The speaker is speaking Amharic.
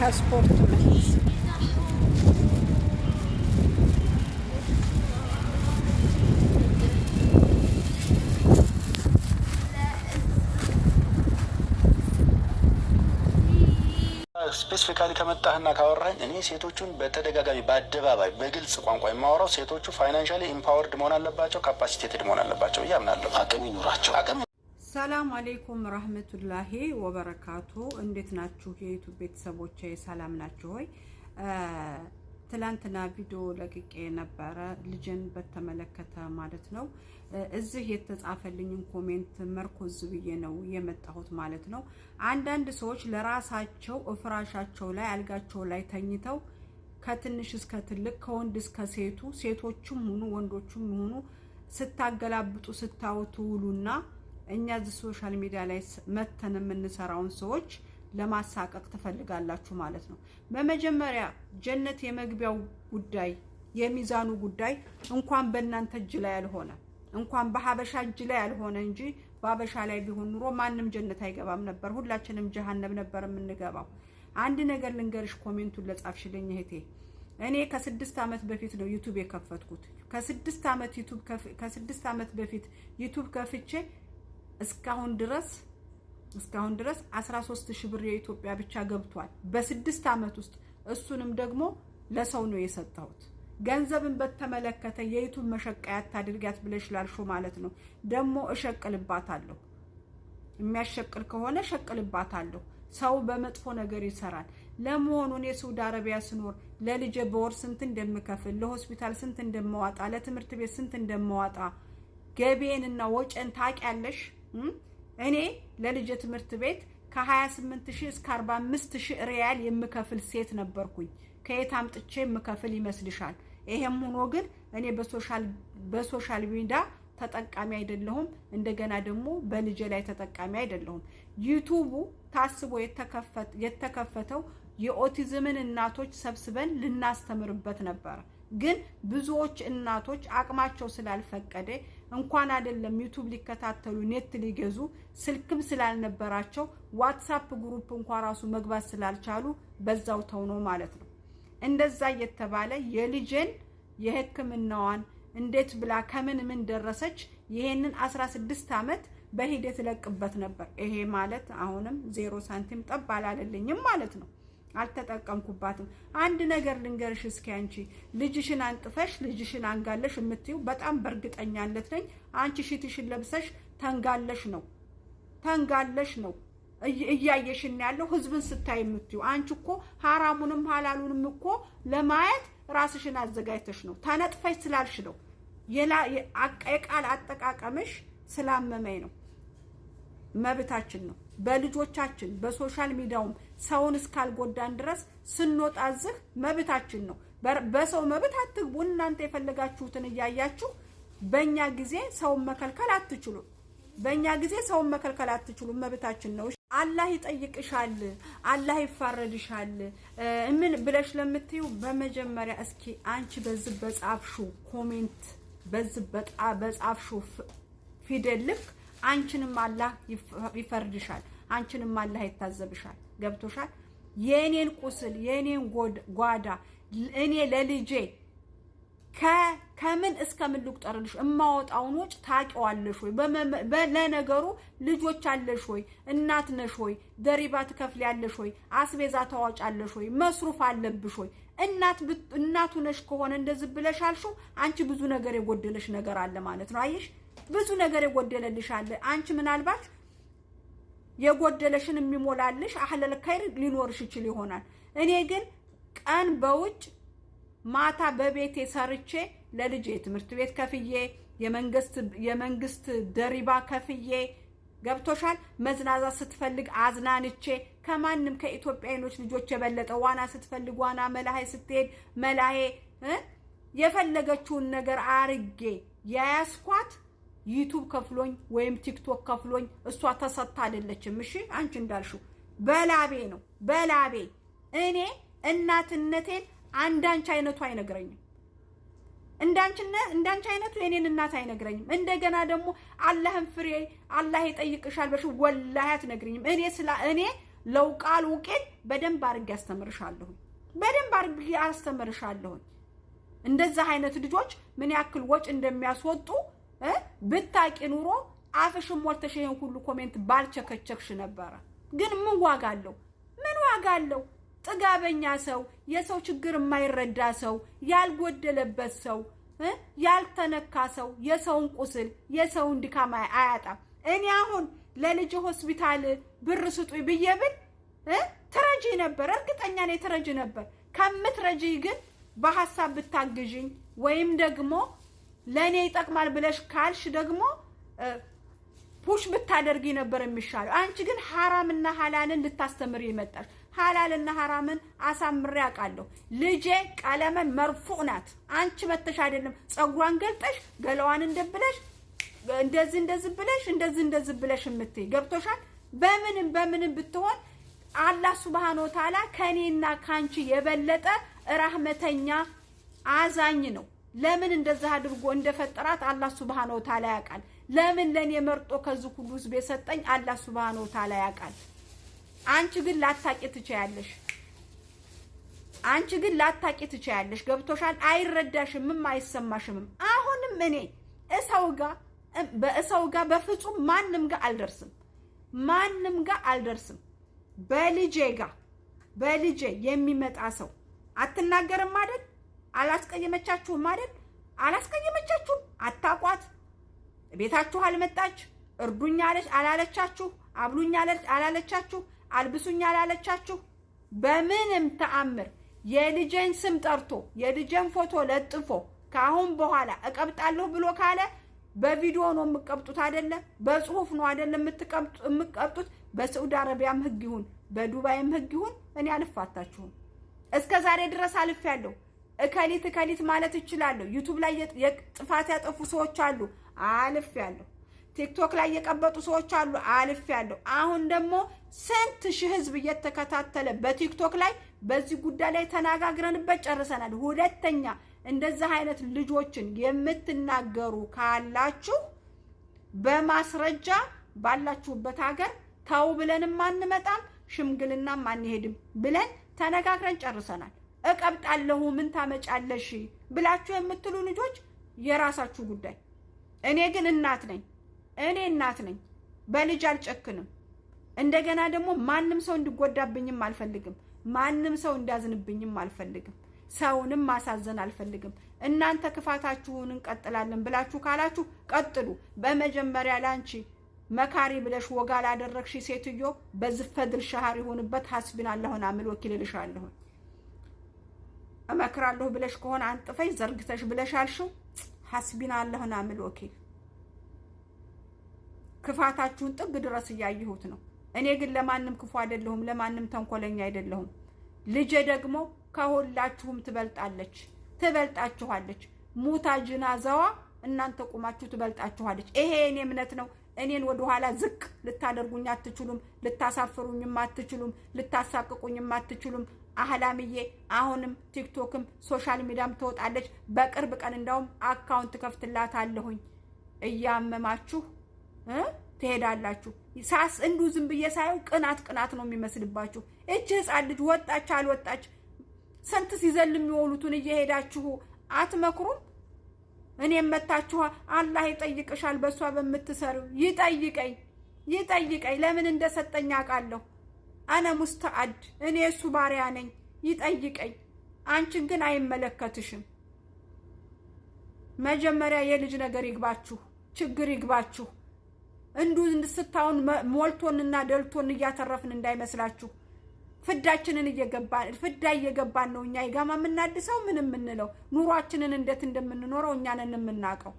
ከስፖርት መልስ ስፔሲፊካሊ ከመጣህና ካወራኝ እኔ ሴቶቹን በተደጋጋሚ በአደባባይ በግልጽ ቋንቋ የማወራው ሴቶቹ ፋይናንሻሊ ኢምፓወርድ መሆን አለባቸው፣ ካፓሲቴትድ መሆን አለባቸው እያምናለሁ። አቅም ይኑራቸው። ሰላም አሌይኩም ረህመቱላሂ ወበረካቱ። እንዴት ናችሁ የዩቱብ ቤተሰቦች? ሰላም ናችሁ ሆይ? ትላንትና ቪዲዮ ለቅቄ የነበረ ልጅን በተመለከተ ማለት ነው። እዚህ የተጻፈልኝን ኮሜንት መርኮዝ ብዬ ነው የመጣሁት ማለት ነው። አንዳንድ ሰዎች ለራሳቸው እፍራሻቸው ላይ አልጋቸው ላይ ተኝተው ከትንሽ እስከ ትልቅ ከወንድ እስከ ሴቱ ሴቶቹም ሆኑ ወንዶቹም ሆኑ ስታገላብጡ ስታወቱ ውሉና እኛ እዚህ ሶሻል ሚዲያ ላይ መተን የምንሰራውን ሰዎች ለማሳቀቅ ትፈልጋላችሁ ማለት ነው። በመጀመሪያ ጀነት የመግቢያው ጉዳይ የሚዛኑ ጉዳይ እንኳን በእናንተ እጅ ላይ ያልሆነ እንኳን በሀበሻ እጅ ላይ ያልሆነ እንጂ በሀበሻ ላይ ቢሆን ኑሮ ማንም ጀነት አይገባም ነበር፣ ሁላችንም ጀሃነብ ነበር የምንገባው። አንድ ነገር ልንገርሽ፣ ኮሜንቱን ለጻፍሽልኝ እህቴ እኔ ከስድስት ዓመት በፊት ነው ዩቱብ የከፈትኩት። ከስድስት ዓመት ዩቱብ ከስድስት ዓመት በፊት ዩቱብ ከፍቼ እስካሁን ድረስ እስካሁን ድረስ 13 ሺህ ብር የኢትዮጵያ ብቻ ገብቷል በስድስት ዓመት ውስጥ እሱንም ደግሞ ለሰው ነው የሰጠሁት። ገንዘብን በተመለከተ የይቱን መሸቀያ አታድርጊያት ብለሽ ላልሽው ማለት ነው ደግሞ እሸቅልባታለሁ። የሚያሸቅል ከሆነ እሸቅልባታለሁ። ሰው በመጥፎ ነገር ይሰራል። ለመሆኑ እኔ ሳውዲ አረቢያ ስኖር ለልጄ በወር ስንት እንደምከፍል፣ ለሆስፒታል ስንት እንደማዋጣ፣ ለትምህርት ቤት ስንት እንደማዋጣ ገቢዬንና ወጪን ታውቂያለሽ? እኔ ለልጅ ትምህርት ቤት ከ28 ሺህ እስከ 45 ሺህ ሪያል የምከፍል ሴት ነበርኩኝ። ከየት አምጥቼ የምከፍል ይመስልሻል? ይሄም ሆኖ ግን እኔ በሶሻል ሚዲያ ተጠቃሚ አይደለሁም። እንደገና ደግሞ በልጅ ላይ ተጠቃሚ አይደለሁም። ዩቱቡ ታስቦ የተከፈተው የኦቲዝምን እናቶች ሰብስበን ልናስተምርበት ነበር። ግን ብዙዎች እናቶች አቅማቸው ስላልፈቀደ እንኳን አይደለም ዩቱብ ሊከታተሉ ኔት ሊገዙ ስልክም ስላልነበራቸው ዋትሳፕ ግሩፕ እንኳ ራሱ መግባት ስላልቻሉ በዛው ተው ነው ማለት ነው። እንደዛ እየተባለ የልጄን የሕክምናዋን እንዴት ብላ ከምን ምን ደረሰች ይሄንን 16 ዓመት በሂደት ለቅበት ነበር። ይሄ ማለት አሁንም ዜሮ ሳንቲም ጠብ አላለልኝም ማለት ነው። አልተጠቀምኩባትም። አንድ ነገር ልንገርሽ እስኪ አንቺ ልጅሽን አንጥፈሽ ልጅሽን አንጋለሽ የምትዩ በጣም በእርግጠኛነት ነኝ አንቺ ሽትሽን ለብሰሽ ተንጋለሽ ነው ተንጋለሽ ነው እያየሽን ያለው ህዝብን ስታይ የምትዩ አንቺ እኮ ሀራሙንም ሀላሉንም እኮ ለማየት ራስሽን አዘጋጅተሽ ነው። ተነጥፈሽ ስላልሽ ነው። የቃል አጠቃቀምሽ ስላመመኝ ነው። መብታችን ነው። በልጆቻችን በሶሻል ሚዲያውም ሰውን እስካልጎዳን ድረስ ስንወጣ ዝህ መብታችን ነው። በሰው መብት አትግቡ። እናንተ የፈለጋችሁትን እያያችሁ በእኛ ጊዜ ሰውን መከልከል አትችሉም። በእኛ ጊዜ ሰውን መከልከል አትችሉም። መብታችን ነው። አላህ ይጠይቅሻል፣ አላህ ይፋረድሻል ምን ብለሽ ለምትዩ በመጀመሪያ እስኪ አንቺ በዚህ በጻፍሹ ኮሜንት በጣ በጻፍሹ ፊደል ልክ አንቺንም አላህ ይፈርድሻል። አንቺንም አላህ ይታዘብሻል። ገብቶሻል? የእኔን ቁስል የእኔን ጓዳ እኔ ለልጄ ከ ከምን እስከ ምን ልቁጠርልሽ? እማወጣውን ወጭ ታውቂዋለሽ ወይ? ለነገሩ ልጆች አለሽ ወይ? እናት ነሽ ወይ? ደሪባ ትከፍያለሽ ወይ? አስቤዛ ታዋጫለሽ ወይ? መስሩፍ አለብሽ ወይ? እናት እናቱ ነሽ ከሆነ እንደዚህ ብለሽ አልሽው፣ አንቺ ብዙ ነገር የጎደለሽ ነገር አለ ማለት ነው። አየሽ፣ ብዙ ነገር የጎደለልሽ አለ። አንቺ ምናልባት የጎደለሽን የሚሞላልሽ አህለል ከይር ሊኖርሽ ይችል ይሆናል። እኔ ግን ቀን በውጭ ማታ በቤቴ ሰርቼ ለልጅ የትምህርት ቤት ከፍዬ የመንግስት ደሪባ ከፍዬ ገብቶሻል። መዝናዛ ስትፈልግ አዝናንቼ ከማንም ከኢትዮጵያኖች ልጆች የበለጠ ዋና ስትፈልግ ዋና፣ መላሄ ስትሄድ መላሄ፣ የፈለገችውን ነገር አርጌ የያስኳት ዩቱብ ከፍሎኝ ወይም ቲክቶክ ከፍሎኝ እሷ ተሰጥታ አይደለችም። እሺ አንቺ እንዳልሽው በላቤ ነው በላቤ እኔ እናትነቴን አንዳንቺ አይነቱ አይነግረኝም። እንዳንቺ አይነቱ የኔን እናት አይነግረኝም። እንደገና ደግሞ አላህን ፍሬ አላህ ይጠይቅሻል በሽ ወላሂ አትነግረኝም። እኔ ስላ እኔ ለውቃል ውቄን በደንብ አድርጌ አስተምርሻለሁ፣ በደንብ አድርጌ አስተምርሻለሁ። እንደዛ አይነት ልጆች ምን ያክል ወጭ እንደሚያስወጡ ብታቂ ኑሮ አፍሽን ሞልተሽ ይሄን ሁሉ ኮሜንት ባልቸከቸክሽ ነበረ። ግን ምን ዋጋ አለው? ምን ዋጋ አለው? ጥጋበኛ ሰው፣ የሰው ችግር የማይረዳ ሰው፣ ያልጎደለበት ሰው፣ ያልተነካ ሰው የሰውን ቁስል የሰውን ድካም አያጣም። እኔ አሁን ለልጅ ሆስፒታል ብር ስጡኝ ብዬ ብል ትረጂ ነበር፣ እርግጠኛ ነኝ ትረጂ ነበር። ከምትረጂ ግን በሀሳብ ብታግዥኝ ወይም ደግሞ ለእኔ ይጠቅማል ብለሽ ካልሽ ደግሞ ፑሽ ብታደርጊ ነበር የሚሻለው። አንቺ ግን ሀራምና ሀላልን ልታስተምር ይመጣል። ሀላልና ሀራምን አሳምሬ አውቃለሁ። ልጄ ቀለመን መርፉዕ ናት። አንቺ መተሽ አይደለም ጸጉሯን ገልጠሽ ገለዋን እንደብለሽ እንደዚህ እንደዚህ ብለሽ እንደዚህ እንደዚህ ብለሽ የምትይ ገብቶሻል። በምንም በምንም ብትሆን አላህ ሱብሃነ ወተዓላ ከኔና ከአንቺ የበለጠ ራህመተኛ አዛኝ ነው። ለምን እንደዛ አድርጎ እንደፈጠራት አላህ ሱብሃነ ወተዓላ ያውቃል። ለምን ለእኔ መርጦ ከዚህ ሁሉ ህዝብ የሰጠኝ አላህ ሱብሃነ ወተዓላ ያውቃል። አንቺ ግን ላታቂ ትችያለሽ። አንቺ ግን ላታቂ ትችያለሽ። ገብቶሻል? አይረዳሽምም፣ አይሰማሽምም። አሁንም እኔ እሰው ጋር በእሰው ጋር በፍጹም ማንም ጋር አልደርስም፣ ማንም ጋር አልደርስም። በልጄ ጋር በልጄ የሚመጣ ሰው አትናገርም አይደል? አላስቀየመቻችሁም አይደል? አላስቀየመቻችሁም። አታቋት ቤታችሁ አልመጣች እርዱኛ አላለቻችሁ፣ አብሉኛ አላለቻችሁ። አልብሱኝ አላለቻችሁ? በምንም ተአምር የልጄን ስም ጠርቶ የልጄን ፎቶ ለጥፎ ከአሁን በኋላ እቀብጣለሁ ብሎ ካለ በቪዲዮ ነው የምቀብጡት አይደለም፣ በጽሁፍ ነው አይደለም የምትቀብጡት። በሳውዲ አረቢያም ህግ ይሁን በዱባይም ህግ ይሁን እኔ አልፋታችሁም። እስከ ዛሬ ድረስ አልፍ ያለው እከሊት እከሊት ማለት እችላለሁ። ዩቱብ ላይ ጥፋት ያጠፉ ሰዎች አሉ፣ አልፍ ያለው። ቲክቶክ ላይ የቀበጡ ሰዎች አሉ፣ አልፍ ያለው አሁን ደግሞ ስንት ሺህ ህዝብ እየተከታተለ በቲክቶክ ላይ በዚህ ጉዳይ ላይ ተነጋግረንበት ጨርሰናል። ሁለተኛ እንደዚህ አይነት ልጆችን የምትናገሩ ካላችሁ በማስረጃ ባላችሁበት ሀገር ተው ብለንም አንመጣም፣ ሽምግልናም አንሄድም ብለን ተነጋግረን ጨርሰናል። እቀብጣለሁ ምን ታመጫለሽ ብላችሁ የምትሉ ልጆች የራሳችሁ ጉዳይ። እኔ ግን እናት ነኝ። እኔ እናት ነኝ፣ በልጅ አልጨክንም። እንደገና ደግሞ ማንም ሰው እንዲጎዳብኝም አልፈልግም። ማንም ሰው እንዲያዝንብኝም አልፈልግም። ሰውንም ማሳዘን አልፈልግም። እናንተ ክፋታችሁን እንቀጥላለን ብላችሁ ካላችሁ ቀጥሉ። በመጀመሪያ ላንቺ መካሪ ብለሽ ወጋ ላደረግሽ ሴትዮ በዝፈድል ሻሃር የሆንበት ሀስቢን አላሁን አምል ወኪል ልሻለሁን እመክራለሁ ብለሽ ከሆነ አንጥፈሽ ዘርግተሽ ብለሽ አልሽው ሀስቢን አላሁን አምል ወኪል ክፋታችሁን ጥግ ድረስ እያየሁት ነው። እኔ ግን ለማንም ክፉ አይደለሁም፣ ለማንም ተንኮለኛ አይደለሁም። ልጄ ደግሞ ከሁላችሁም ትበልጣለች፣ ትበልጣችኋለች። ሙታ ጅናዛዋ እናንተ ቁማችሁ ትበልጣችኋለች። ይሄ እኔ እምነት ነው። እኔን ወደኋላ ዝቅ ልታደርጉኝ አትችሉም። ልታሳፍሩኝም አትችሉም። ልታሳቅቁኝም አትችሉም። አህላምዬ አሁንም ቲክቶክም ሶሻል ሚዲያም ትወጣለች። በቅርብ ቀን እንዳውም አካውንት ከፍትላት አለሁኝ እያመማችሁ ትሄዳላችሁ። ሳስ እንዱ ዝም ብዬ ሳየው ቅናት ቅናት ነው የሚመስልባችሁ። እች ህፃን ልጅ ወጣች አልወጣች ስንት ሲዘል የሚወሉትን እየሄዳችሁ አትመክሩም? እኔም መታችሁ አላህ ይጠይቅሻል። በእሷ በምትሰሪው ይጠይቀኝ ይጠይቀኝ። ለምን እንደሰጠኝ አውቃለሁ። አነ ሙስተአድ እኔ እሱ ባሪያ ነኝ። ይጠይቀኝ። አንቺን ግን አይመለከትሽም። መጀመሪያ የልጅ ነገር ይግባችሁ፣ ችግር ይግባችሁ። እንዱ ስታውን ሞልቶንና ደልቶን እያተረፍን እንዳይመስላችሁ። ፍዳችንን እየገባን ፍዳ እየገባን ነው። እኛ የጋማ የምናድሰው ምን የምንለው ኑሯችንን እንዴት እንደምንኖረው እኛንን የምናውቀው